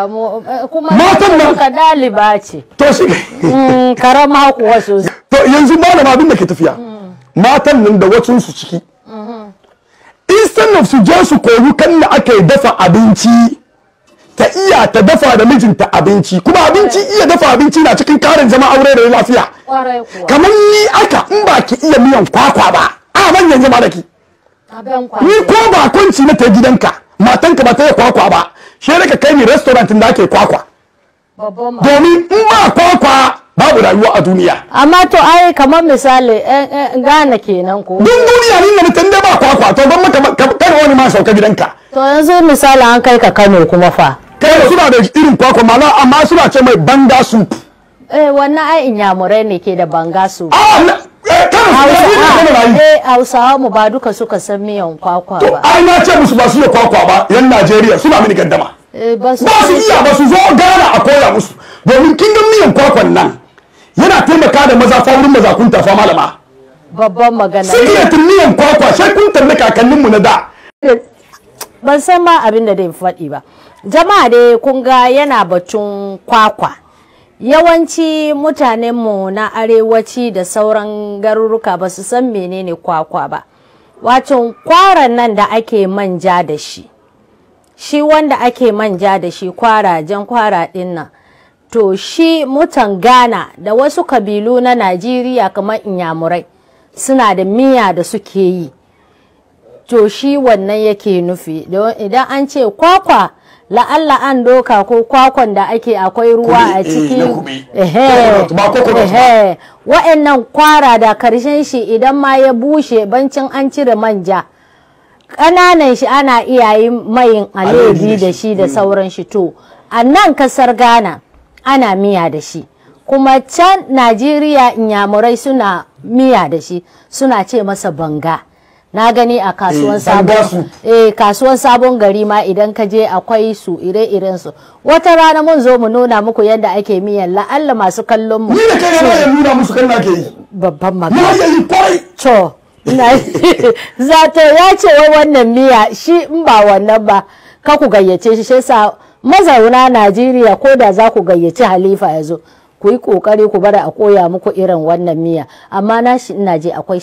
Eh, kuma matan ka daliba ce to shi mm, karama kuwa sosai to yanzu malama abin da ke tafiya mm. matan nan da wacin su ciki mm-hmm. instead of su je su koyi kan da aka dafa abinci ta iya ta dafa da mijinta abinci kuma abinci iya dafa abinci na cikin karin zama aure da lafiya kamar ni aka in ba ki iya miyan kwakwa ba a manyan zama da ki ni ko ba kunci na ta gidanka matanka ba ta yi kwakwa ba shi ne ka kai ni restaurant da ake kwakwa domin in ba kwakwa babu rayuwa a duniya amma to ai kamar misali eh, eh, gane kenan ko duk duniya ne na mutum da ba kwakwa to ban maka kan wani ma sauka gidanka to yanzu misali an kai ka Kano kuma fa Kano suna da irin kwakwa mala amma suna ce mai banga su eh wannan ai inyamurai ne ke da banga su ah, eh, Hausawa mu ba duka suka san miyan kwakwa ba. To ai na ce musu ba su da kwakwa ba yan Najeriya suna mini gaddama. Eh, ba su iya ba su zo gana a koya musu domin kin ga miyan kwakwan nan yana taimaka da maza fa wurin maza kun tafa malama babban magana sun iya miyan kwakwa sai kun talle kakannin mu na da ban san ma abin da dai faɗi ba jama'a dai kun ga yana batun kwakwa yawanci mutanenmu na arewaci da sauran garuruka ba su san menene kwakwa ba wacin kwaran nan da ake manja da shi shi wanda ake manja da shi kwara jan kwara ɗin nan to shi mutan ghana da wasu kabilu na najeriya kamar inyamurai suna da miya da suke yi to shi wannan yake nufi don idan an ce kwakwa la'alla an doka ko kwakwan da ake akwai ruwa a eh, ciki wa'annan kwara da karshen shi idan ma ya bushe bancin an cire manja ƙananan shi ana iya yi mayin alebi da shi da mm. sauran shi to a nan kasar ghana ana miya da shi kuma can najeriya inyamurai suna miya da shi suna ce masa banga na gani a kasuwan mm, sabon eh kasuwan sabon gari ma idan ka je akwai su ire-iren su wata rana mun zo mu nuna muku yadda ake miyan la'alla masu kallon mu ni da kai na nuna musu kan ake yi babban magana to zato ya ce wa wannan miya shi in ba wannan ba ka ku gayyace shi shi sa mazauna najeriya ko da za ku gayyaci halifa ya zo ku yi kokari ku bari a koya muku irin wannan miya amma na shi ina je akwai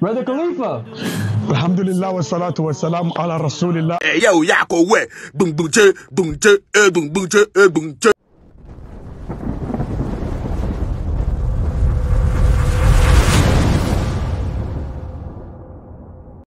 Brother Khalifa. Alhamdulillah wa salatu wa salam ala rasulillah. Hey, eh, yo, Yako, Boom, boom, che, boom, che, eh, boom, boom, che, eh, boom, che.